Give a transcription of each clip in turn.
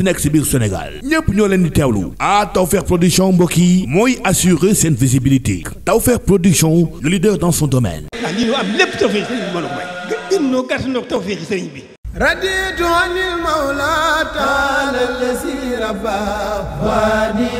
munti nekk si biir Sénégal ñépp ñoo leen di teewlu ah Tawfekh production mbokk yi mooy assurer seen visibilité Tawfekh production le leader dans son domaine ah lii am lépp Tawfekh sëriñ bi mën a may gën noo gàtt noo Tawfekh sëriñ bi raditu anil mawla taala lasi rabba waadi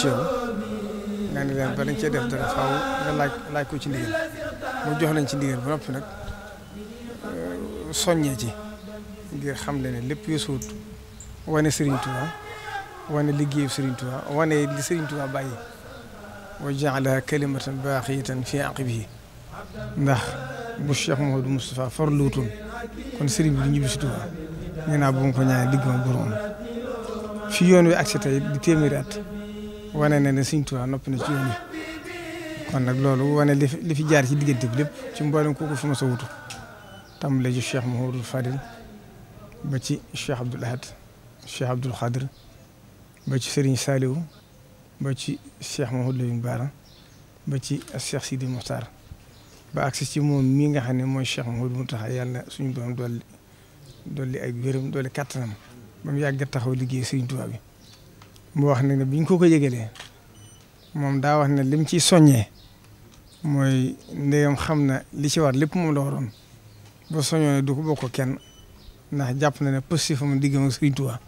ci nga ne leen ba dañ cee def dara faaw nga laaj laaj ko ci ndigal mu jox nañ ci ndigal ba noppi nag euh, soññee ci ngir xam leen ne lépp yësuut wane Serigne Touba wane liggéeyu Serigne Touba wane li Serigne Touba bàyyi wa jaala kalimatan baaqiyatan fi aqibihi ndax bu Cheikh Mouhamadou Moustapha farluutoon kon Serigne bi du si yoon wi ak si tey di téeméeri wane na ne Sëriñ Tuubaa noppi na ci yoon kon nag loolu wane li li fi jaar ci diggante bi lépp ci mboolem kooku fi ma sa wutu tàmbale ci Cheikh Mouhamadou Fadil ba ci Cheikh Abdoul Ahad Cheikh Abdoul Khadir ba ci Serigne Saliou ba ci Cheikh Mouhamadou Lamine Bara ba ci Cheikh Sidi Mokhtar ba agsi ci moom mii nga xam ne mooy Cheikh Mouhamadou Mountakha yàlla suñu borom dolli dolli ay wéram dolli kattanam ba mu yàgg taxaw liggéey Sëriñ Tuubaa bi mu wax ne ne ñu ko ko yëgalee moom daa wax ne lim ciy soññee mooy ndegam xam na li ci war lépp moom la waroon ba soññoo ne du ko bokk kenn ndax jàpp na ne positif am diggam ak Sëriñ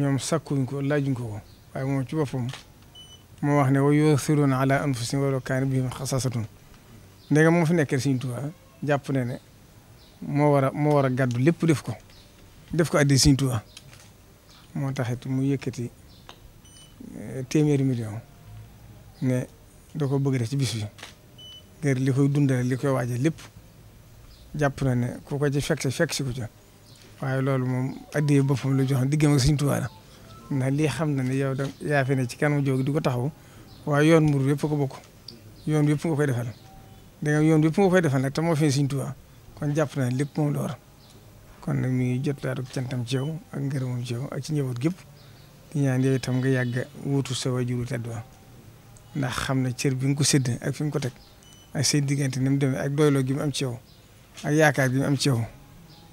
ñoom sakkuñ ko laaju ko ko moom ci boppam moo wax ne wa yu'thiruuna ala anfusihim walaw kaana bihim xasaasatun ndegam moo fi nekkee Sëriñ Tuubaa jàpp na ne moo war a moo war a gàddu lépp def ko def ko addi Sëriñ Tuubaa moo taxit mu yëkkati eh, téeméeri million ne da ko bëgg def ci bis bi ngir li koy dundale li koy waaje lépp jàpp na ne ku ko ci fekk fekk si ko waaye loolu moom addee boppam la joxoon diggam ak Sëriñ Tuubaa la ndax lii xam na ne yow da yaa fi ne ci kanam jóg di ko taxaw waaye yoon mburu yëpp ko bokk yoon yëpp nga koy defal da nga yoon yëpp nga koy defal nag te moo fi Sëriñ Tuubaa kon jàpp na ne lépp moom la kon nag mi ngi jot laa rek cantam ci yow ak ngërëmam ci yow ak ci njaboot gépp di ñaan yow itam nga yàgg wuutu sa waajuru tedd wa ndax xam na cër bi nga ko sédd ak fi nga ko teg ak say diggante ni mu demee ak doyloo gi mu am ci yow ak yaakaar gi am ci yow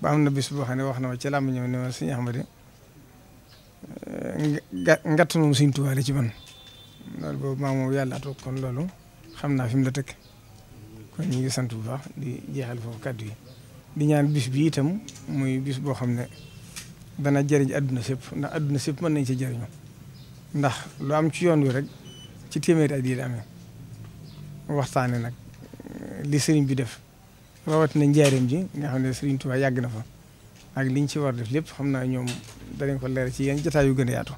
ba am na bis boo xam ne wax na ma ci làmb ñëw ne ma sëñ Ahmadi eh, ngatt moom suñ tuwaale ci man yàlla toog kon loolu xam naa fi mu la teg kon ñu ngi sant bu baax di jeexal foofu kàddu yi di ñaan bis bi itam muy bis boo xam ne dana jëriñ adduna sëpp ndax adduna sëpp mën nañ ci jëriñu ndax lu am ci yoon wi rek ci téeméeri at yi la amee waxtaane nag eh, li sëriñ bi def rawatina njaareem ji nga xam ne sëriñ Tuubaa yàgg na fa ak liñ ci war def lépp xam naa ñoom danañ ko leer ci yéen jotaay yu gën a yaatu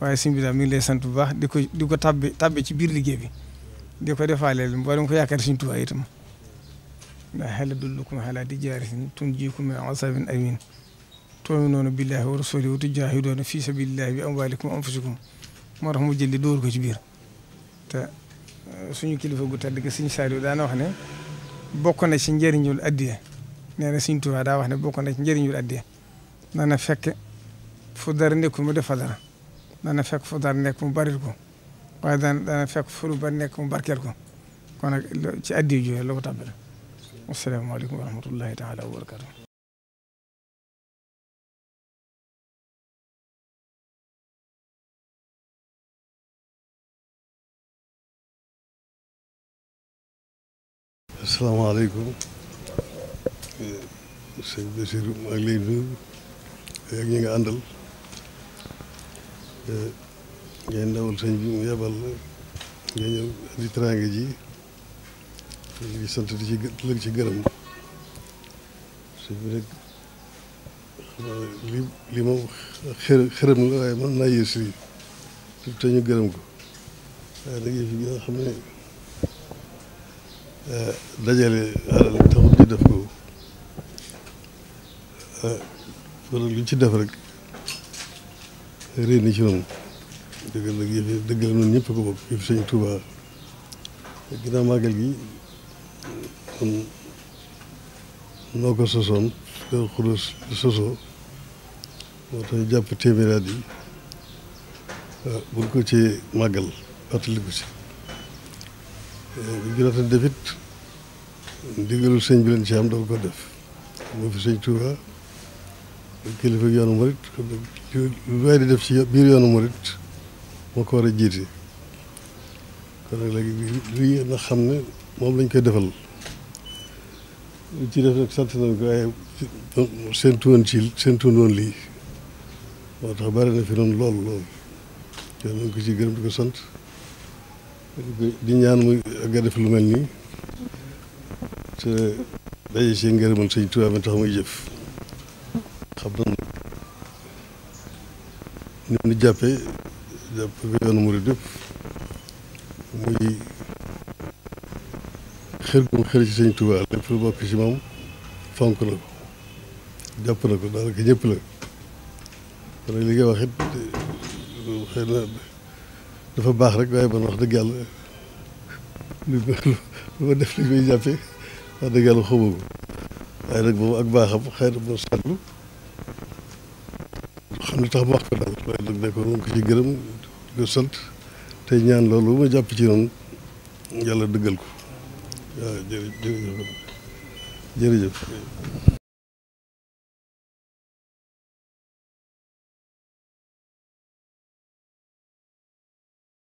waaye sëriñ bi daal mi ngi lay sant bu baax di ko di ko tàbbi tàbbi ci biir liggéey bi di ko defaaleel mboolem ko yaakaar sëriñ a itam ndax hal adullukum ala tijaratin tunjiikum min azaabin aliim tu'minuuna billaahi wa rasuulihi wa tujaahiduuna fii sabiilillaahi bi amwaalikum wa anfusikum moo tax mu jëli dóor ko ci biir te eh, suñu kilifa gu tedd gi suñu saaliw daa wax ne bokk na ci njëriñul addiya nee na daa wax ne bokk na ci njëriñul addiya dana fekk fu dara mu def fekk fu nekk mu baril ko waaye dana dana fekk fu lu nekk mu barkeel ko kon nag ci addiya jooju la asalaamaaleykum wa rahmatullahi taala wa barakatu asalaamaaleykum sëñ Bassirou maa ngi lay nuyu ak ñi nga àndal ngay ndawal sëñ bi mu yebal nga ñëw di teraanga ji ñu sant di ci di ci gërëm li li moom xër xërëm la waaye mën naa yées lii te ñu gërëm ko waaye xam ne eh, dajale alal taxut ñu def ko eh, kon lu ci def rek réer ni ci noonu dëgg nag yëf yi dëgg la noonu ñëpp ko bokk yëf Sëñ Tuubaa ginnaaw gi kon noo ko sosoon Daaru Xudoos sosoo moo tax jàpp téeméeri at yi waaw buñ ko ci màggal fàttaliku ci sëñ bi leen ci am dafa ko def biir yoonu murit moo ko war a jiite kon nag léegi lii nga xam ne moom lañ koy defal ci def nag sant nañ ko waaye séntu woon ci séntu woon lii moo tax bari na fi noonu lool lool yow nañ ko ci gërëm di ko sant di ñaan muy agga def lu mel nii te daje see ngërëmal sëñ Tuubaa mi tax muy jëf xam na nag ni jàppee jàpp ko yoonu murid yëpp muy xër gu mu xër ci sëñ ci moom fonk na ko jàpp na ko daanaka ñëpp la kon nag li dafa baax rek waaye man wax dëgg yàlla lu ma def li muy jàppee wax dëgg yàlla xamoo ko waaye nag moom ak baaxam xëy na moo xam ne tax ma wax ko daal waaye nag ne ko ci gërëm ko sant te ñaan loolu ma jàpp ci noonu yàlla dëggal ko jërëjëf.